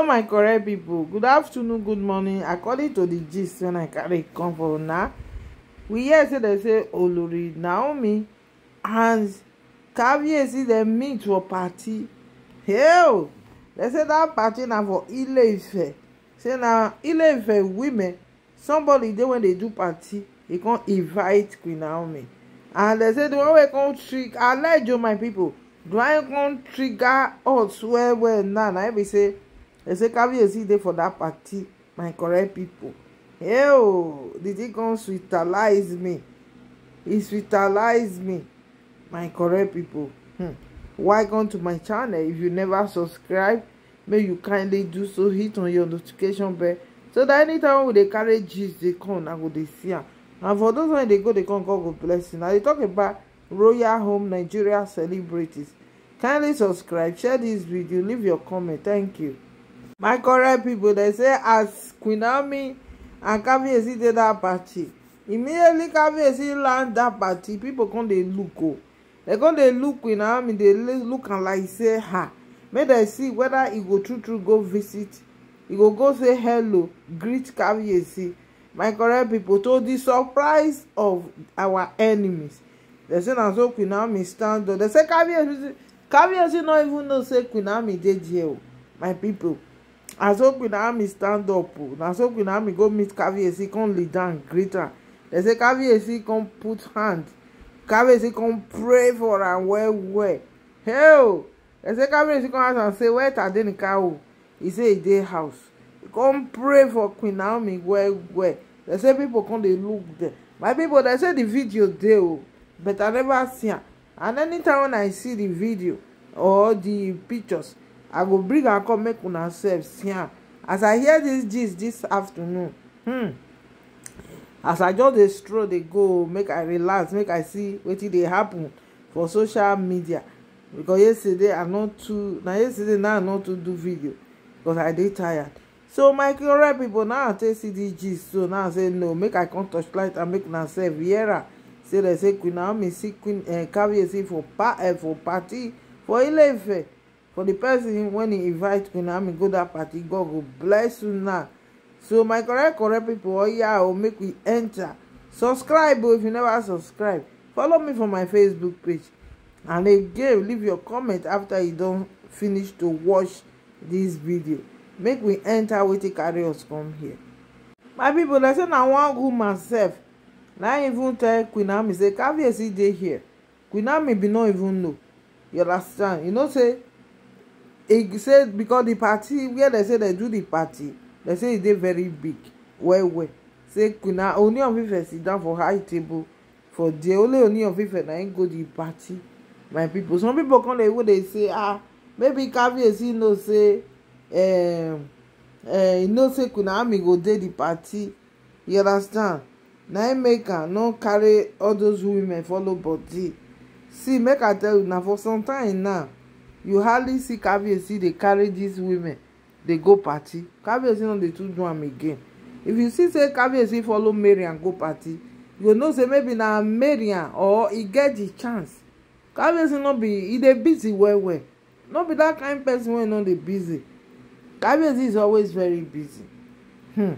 hello my correct people, good afternoon good morning according to the gist when i carry come for now we hear say dem say olori naomi and caviarcy dem meet for party hell dem say dat party na for ile ife say na ile ife women somebody dey wey dey do party e con invite queen naomi and dem say di one wey con trick alejo oh my people. Do I con trigger us well well now na im be say dem say kabiyesi dey for dat party my correct pipo oh the thing come sweetalize me e sweetalize me my correct pipo hmm. welcome to my channel if you never subscribe May you kindly do so hit on your notification bell so that anytime we dey carry gist dey come i go dey see am and for those wey dey go dey come god go bless you Now dey talk about royal home nigeria celebrities kindly subscribe share this video leave your comment thank you my correct people, dem say as queen naomi and kabiyesi dey dat party immediately kabiyesi land dat party pipo come dey look o oh. dem come dey look queen naomi dey look am like say ha make dem see whether e go true true go visit e go go say hello greet kabiyesi my correct pipo to di surprise of our enemies dem say na so queen stand up dem say kabiyesi kabiyesi no even know say queen naomi dey there o oh. my pipo na so queen army stand up o oh, na so queen army go meet kabiyesi come lead am greet am dem say kabiyesi come put hand kabiyesi come pray for am well well hey o oh, dem say kabiyesi come ask am say where tadenika o oh? he say he dey house he come pray for queen naomi well well dem say people come dey look dem my people dem say the video dey o but i never see am and anytime when i see the video or the pictures i go bring am come make una sef see am as i hear dis gist dis afternoon hmm as i just dey stroll dey go make i relax make i see wetin dey happen for social media because yesterday i no too na yesterday now i no too do video because i dey tired so my correct people now i take see dis gist so now i say no make i come touch light and make na sef hear am say dem say queen naomi see queen caviar eh, see eh, for party for ile ife for di person when he invite queen me go that party god will bless you now so my correct correct people, pipo oya will make we enter subscribe oh, if you never subscribe follow me for my facebook page and again leave your comment after you don't finish to watch this video make we enter with the carriers come here my people, like say na one woman sef na even tell queen army say caviar is dey here queen army be not even know you understand you know say He said because the party where they say they do the party they say e dey very big well well say na only of ife sit for high table for there only only of ife na im go the party my people, some people come dey wey dey say ah maybe kaviesi know say um, uh, e know say queen ami go dey di party you understand na im make am no carry all those women follow body see make i tell you na for some time now you hardly see kabiyesi dey carry dis women dey go party kabiyesi no dey too do am again if you see say kabiyesi follow mariam go party you go know say maybe na mariam or e get di chance kabiyesi no be e dey busy well well no be dat kain person wey no dey busy kabiyesi is always very busy hmm.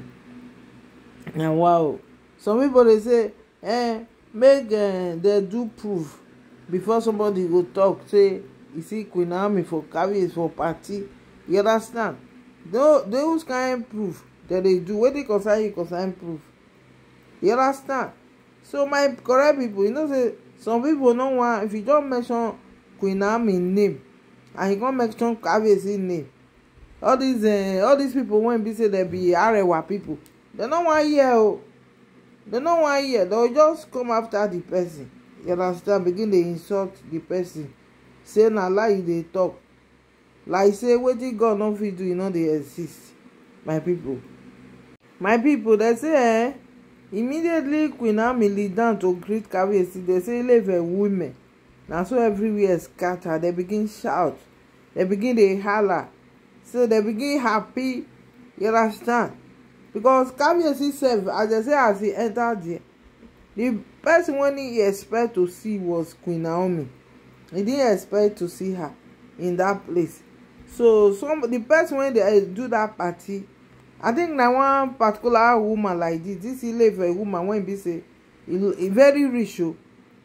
and wow some pipo dey say eh make uh, dem do proof before somebody go talk say you see queen naomi for carry for party you understand those kind proof dem dey do wey dey concern you concern proof you understand so my correct people, you know say some people no wan if you don mention queen naomi name and you con mention carviesi name all dis eh, all dis people wey be say dem be arewa people. dem no wan hear o dem no wan hear dem just come after the person you understand begin dey insult the person say na lie you dey talk like say wetin god no fit do e no dey exist my people. my people, dem say eh immediately queen ami lead down to greet kabiyesi dem say ileife women na so everywhere scatter dem begin shout dem begin dey hala so dem begin happy you understand because kabiyesi sef as dem say as e enter there the person wey he expect to see was queen naomi he didn't expect to see her in that place so some the person wey dey do that party i think na one particular woman like this this ilefe woman wey be say e very rich o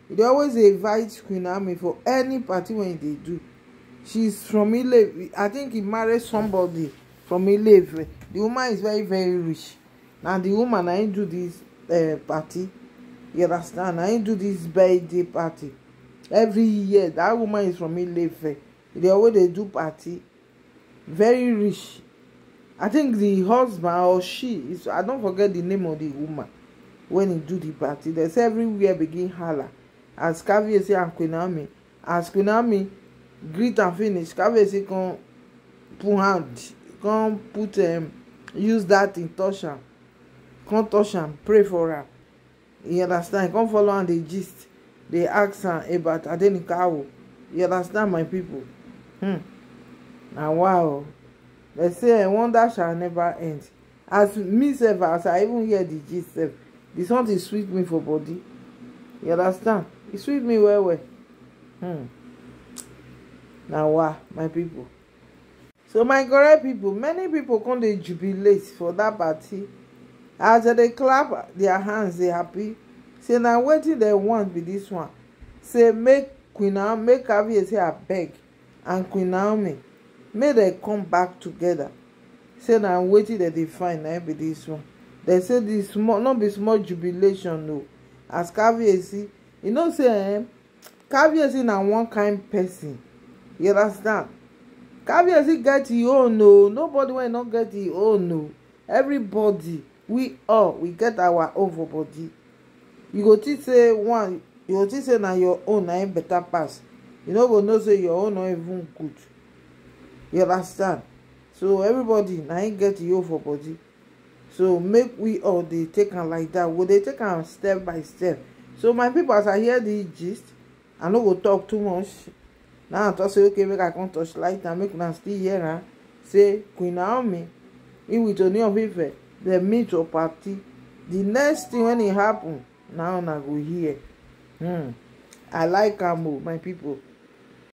e dey always invite queen naomi for any party wey e dey do she's from ilefe i think he marry somebody from ilefe the woman is very very rich na the woman na him do this uh, party you understand na him do this birthday party every year that woman is from Ilefe The way they do party very rich I think the husband or she is I don forget the name of the woman when he do the party they say everywhere begin hala as Kabiyesi and Queen Naomi as kunami, greet and finish Kabiyesi come put hand come put um, use that thing touch am come touch am pray for am you understand come follow am dey gist They ask am about adenika awo you understand my people? hmm. Now, wow They say a wonder shall never end as me sef as i even hear di gist sef di something sweet me for body you understand e sweet me well well hmm. Now, wa my people. so my correct people, many people come to jubilate for that party as they clap their hands they happy say na wetin dem want be dis one say make queen naomi make kabie say abeg and queen naomi make dem come back together say na wetin dem dey find na be dis one dem say the small no be small jubilation o as kabiyesi you know say eh, kabiyesi na one kind person you understand kabiyesi get him own o nobody wey no get him own o everybody we all we get our own for body you go think say one you go think say na your own na im better pass you no go know say your own no even good you understand so everybody na im get your for body so make we all dey take am like that. we dey take am step by step so my people, as i hear dis gist i no go talk too much now i talk say okay make i come touch light am make una still hear am say queen naomi im with oni of ife dem meet for party The next thing wen e happen now na go hear hmm i like am o my people